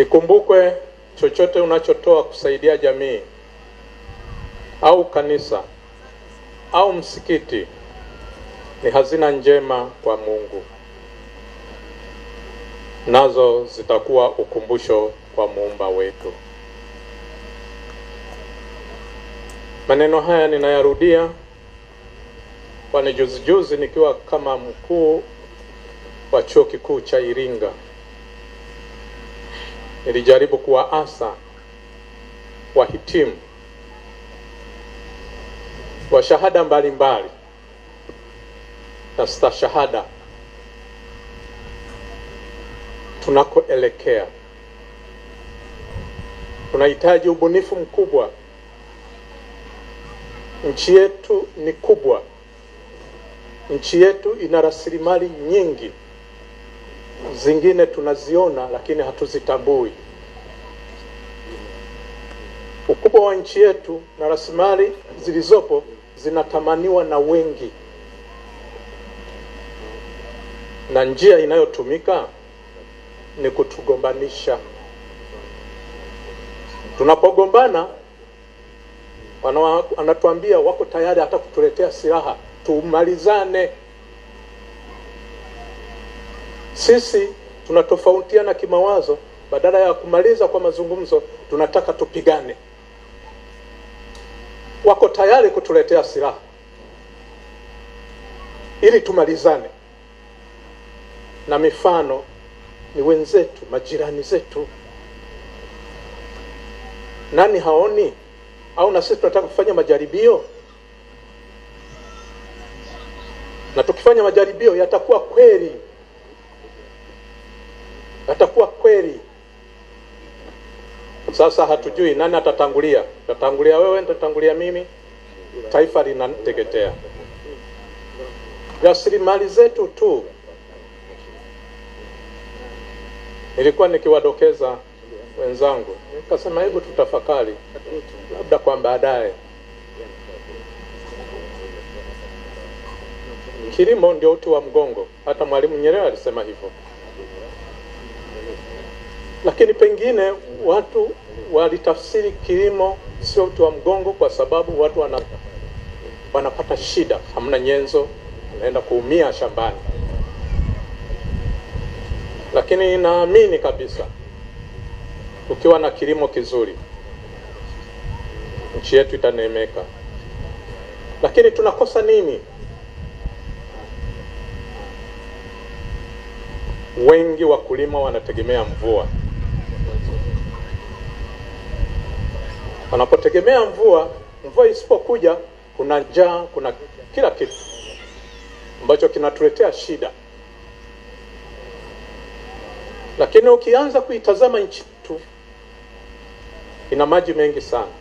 Ikumbukwe, chochote unachotoa kusaidia jamii au kanisa au msikiti ni hazina njema kwa Mungu, nazo zitakuwa ukumbusho kwa muumba wetu. Maneno haya ninayarudia, kwani juzi juzi nikiwa kama mkuu wa chuo kikuu cha Iringa nilijaribu kuwaasa wahitimu wa shahada mbalimbali na stashahada tunakoelekea tunahitaji ubunifu mkubwa. Nchi yetu ni kubwa, nchi yetu ina rasilimali nyingi zingine tunaziona lakini hatuzitambui. Ukubwa wa nchi yetu na rasilimali zilizopo zinatamaniwa na wengi, na njia inayotumika ni kutugombanisha. Tunapogombana wanatuambia wako tayari hata kutuletea silaha tumalizane. Sisi tunatofautiana kimawazo, badala ya kumaliza kwa mazungumzo tunataka tupigane. Wako tayari kutuletea silaha ili tumalizane, na mifano ni wenzetu, majirani zetu. Nani haoni? Au na sisi tunataka kufanya majaribio, na tukifanya majaribio yatakuwa kweli atakuwa kweli. Sasa hatujui nani atatangulia, tatangulia wewe, nitatangulia mimi, taifa linateketea. Rasilimali zetu tu. Nilikuwa nikiwadokeza wenzangu, nikasema hebu tutafakari, labda kwa baadaye Kilimo ndio uti wa mgongo. Hata Mwalimu Nyerere alisema hivyo. Lakini pengine watu walitafsiri kilimo sio uti wa mgongo, kwa sababu watu wana, wanapata shida, hamna nyenzo, wanaenda kuumia shambani. Lakini naamini kabisa ukiwa na kilimo kizuri nchi yetu itaneemeka. Lakini tunakosa nini? Wengi wakulima wanategemea mvua. Wanapotegemea mvua, mvua isipokuja, kuna njaa, kuna kila kitu ambacho kinatuletea shida. Lakini ukianza kuitazama nchi tu ina maji mengi sana.